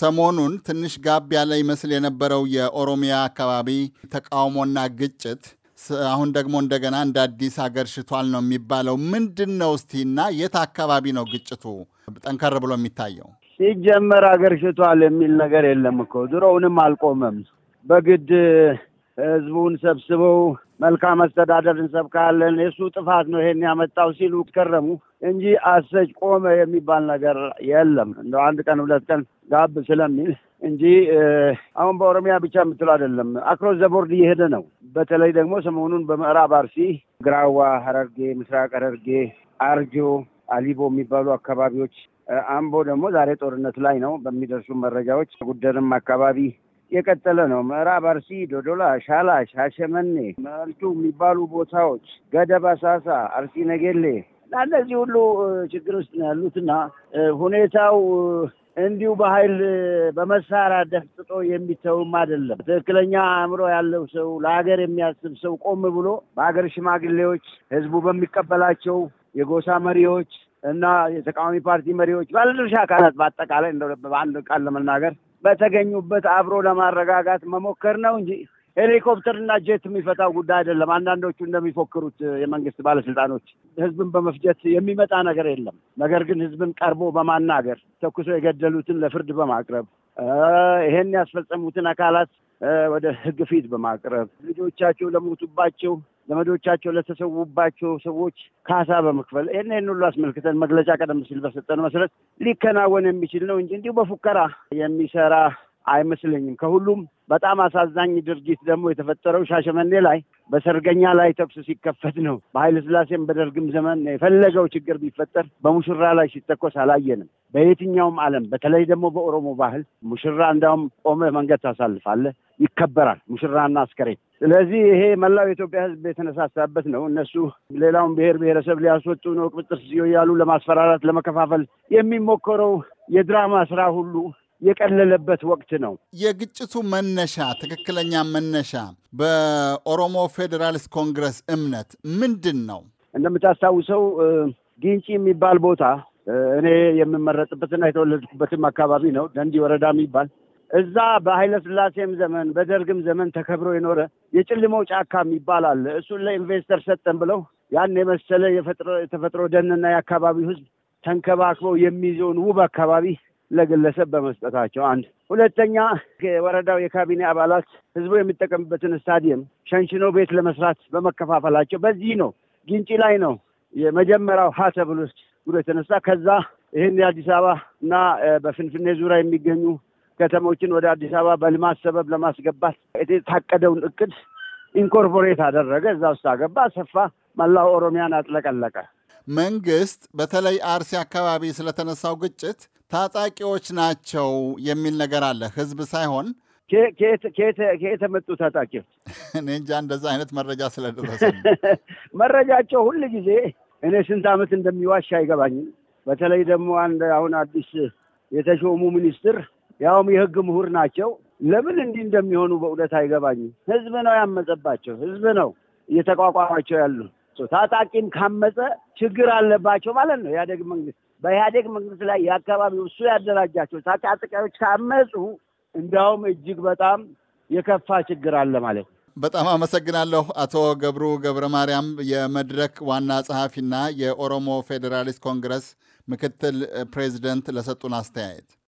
ሰሞኑን ትንሽ ጋብ ያለ ይመስል የነበረው የኦሮሚያ አካባቢ ተቃውሞና ግጭት አሁን ደግሞ እንደገና እንደ አዲስ አገር ሽቷል ነው የሚባለው። ምንድን ነው እስቲ እና የት አካባቢ ነው ግጭቱ ጠንከር ብሎ የሚታየው? ሲጀመር አገር ሽቷል የሚል ነገር የለም እኮ ድሮውንም አልቆመም። በግድ ህዝቡን ሰብስበው መልካም አስተዳደር እንሰብካለን፣ የእሱ ጥፋት ነው ይሄን ያመጣው ሲሉ ከረሙ እንጂ አሰጅ ቆመ የሚባል ነገር የለም። እንደ አንድ ቀን ሁለት ቀን ጋብ ስለሚል እንጂ አሁን በኦሮሚያ ብቻ የምትለው አይደለም። አክሮስ ዘቦርድ እየሄደ ነው። በተለይ ደግሞ ሰሞኑን በምዕራብ አርሲ፣ ግራዋ፣ ሀረርጌ፣ ምስራቅ ሐረርጌ፣ አርጆ፣ አሊቦ የሚባሉ አካባቢዎች፣ አምቦ ደግሞ ዛሬ ጦርነት ላይ ነው በሚደርሱ መረጃዎች፣ ጉደርም አካባቢ የቀጠለ ነው። ምዕራብ አርሲ፣ ዶዶላ፣ ሻላሽ፣ ሻሸመኔ፣ መልቱ የሚባሉ ቦታዎች፣ ገደብ፣ አሳሳ፣ አርሲ ነገሌ እና እነዚህ ሁሉ ችግር ውስጥ ነው ያሉትና ሁኔታው እንዲሁ በኃይል በመሳሪያ ደፍጥጦ የሚተውም አይደለም። ትክክለኛ አእምሮ ያለው ሰው ለሀገር የሚያስብ ሰው ቆም ብሎ በሀገር ሽማግሌዎች፣ ህዝቡ በሚቀበላቸው የጎሳ መሪዎች እና የተቃዋሚ ፓርቲ መሪዎች፣ ባለድርሻ አካላት በአጠቃላይ በአንድ ቃል ለመናገር በተገኙበት አብሮ ለማረጋጋት መሞከር ነው እንጂ ሄሊኮፕተርና ጄት የሚፈታው ጉዳይ አይደለም። አንዳንዶቹ እንደሚፎክሩት የመንግስት ባለስልጣኖች ህዝብን በመፍጀት የሚመጣ ነገር የለም። ነገር ግን ህዝብን ቀርቦ በማናገር ተኩሶ የገደሉትን ለፍርድ በማቅረብ ይሄን ያስፈጸሙትን አካላት ወደ ህግ ፊት በማቅረብ ልጆቻቸው ለሞቱባቸው ዘመዶቻቸው ለተሰዉባቸው ሰዎች ካሳ በመክፈል ይህን ይህን ሁሉ አስመልክተን መግለጫ ቀደም ሲል በሰጠነው መሰረት ሊከናወን የሚችል ነው እንጂ እንዲሁ በፉከራ የሚሰራ አይመስለኝም። ከሁሉም በጣም አሳዛኝ ድርጊት ደግሞ የተፈጠረው ሻሸመኔ ላይ በሰርገኛ ላይ ተኩስ ሲከፈት ነው። በኃይለ ሥላሴም በደርግም ዘመን የፈለገው ችግር ቢፈጠር በሙሽራ ላይ ሲተኮስ አላየንም። በየትኛውም ዓለም በተለይ ደግሞ በኦሮሞ ባህል ሙሽራ እንዳውም ቆመ መንገድ ታሳልፋለህ፣ ይከበራል ሙሽራና አስከሬን። ስለዚህ ይሄ መላው የኢትዮጵያ ሕዝብ የተነሳሳበት ነው። እነሱ ሌላውን ብሔር ብሔረሰብ ሊያስወጡ ነው ቅብጥር እያሉ ለማስፈራራት፣ ለመከፋፈል የሚሞከረው የድራማ ስራ ሁሉ የቀለለበት ወቅት ነው። የግጭቱ መነሻ ትክክለኛ መነሻ በኦሮሞ ፌዴራሊስት ኮንግረስ እምነት ምንድን ነው? እንደምታስታውሰው ጊንጪ የሚባል ቦታ እኔ የምመረጥበትና የተወለድኩበትም አካባቢ ነው። ደንዲ ወረዳ የሚባል እዛ በኃይለ ስላሴም ዘመን በደርግም ዘመን ተከብሮ የኖረ የጭልመው ጫካ የሚባል እሱን ለኢንቨስተር ሰጠን ብለው ያን የመሰለ የተፈጥሮ ደንና የአካባቢው ሕዝብ ተንከባክበው የሚይዘውን ውብ አካባቢ ለግለሰብ በመስጠታቸው አንድ። ሁለተኛ የወረዳው የካቢኔ አባላት ህዝቡ የሚጠቀምበትን ስታዲየም ሸንሽኖ ቤት ለመስራት በመከፋፈላቸው በዚህ ነው ግንጪ ላይ ነው የመጀመሪያው ሀ ተብሎ የተነሳ ከዛ ይህን የአዲስ አበባ እና በፍንፍኔ ዙሪያ የሚገኙ ከተሞችን ወደ አዲስ አበባ በልማት ሰበብ ለማስገባት የታቀደውን እቅድ ኢንኮርፖሬት አደረገ፣ እዛ ውስጥ አገባ፣ ሰፋ፣ መላው ኦሮሚያን አጥለቀለቀ። መንግስት በተለይ አርሲ አካባቢ ስለተነሳው ግጭት ታጣቂዎች ናቸው የሚል ነገር አለ። ህዝብ ሳይሆን ከየት የመጡ ታጣቂዎች? እኔ እንጃ እንደዛ አይነት መረጃ ስለደረሰ መረጃቸው ሁል ጊዜ እኔ ስንት ዓመት እንደሚዋሽ አይገባኝም። በተለይ ደግሞ አንድ አሁን አዲስ የተሾሙ ሚኒስትር ያውም የህግ ምሁር ናቸው። ለምን እንዲህ እንደሚሆኑ በእውነት አይገባኝም። ህዝብ ነው ያመፀባቸው፣ ህዝብ ነው እየተቋቋማቸው ያሉ። ታጣቂም ካመፀ ችግር አለባቸው ማለት ነው ኢህአዴግ መንግስት በኢህአዴግ መንግስት ላይ የአካባቢው እሱ ያደራጃቸው ታጣቂዎች ካመፁ እንዲያውም እጅግ በጣም የከፋ ችግር አለ ማለት ነው። በጣም አመሰግናለሁ አቶ ገብሩ ገብረ ማርያም የመድረክ ዋና ጸሐፊና የኦሮሞ ፌዴራሊስት ኮንግረስ ምክትል ፕሬዚደንት ለሰጡን አስተያየት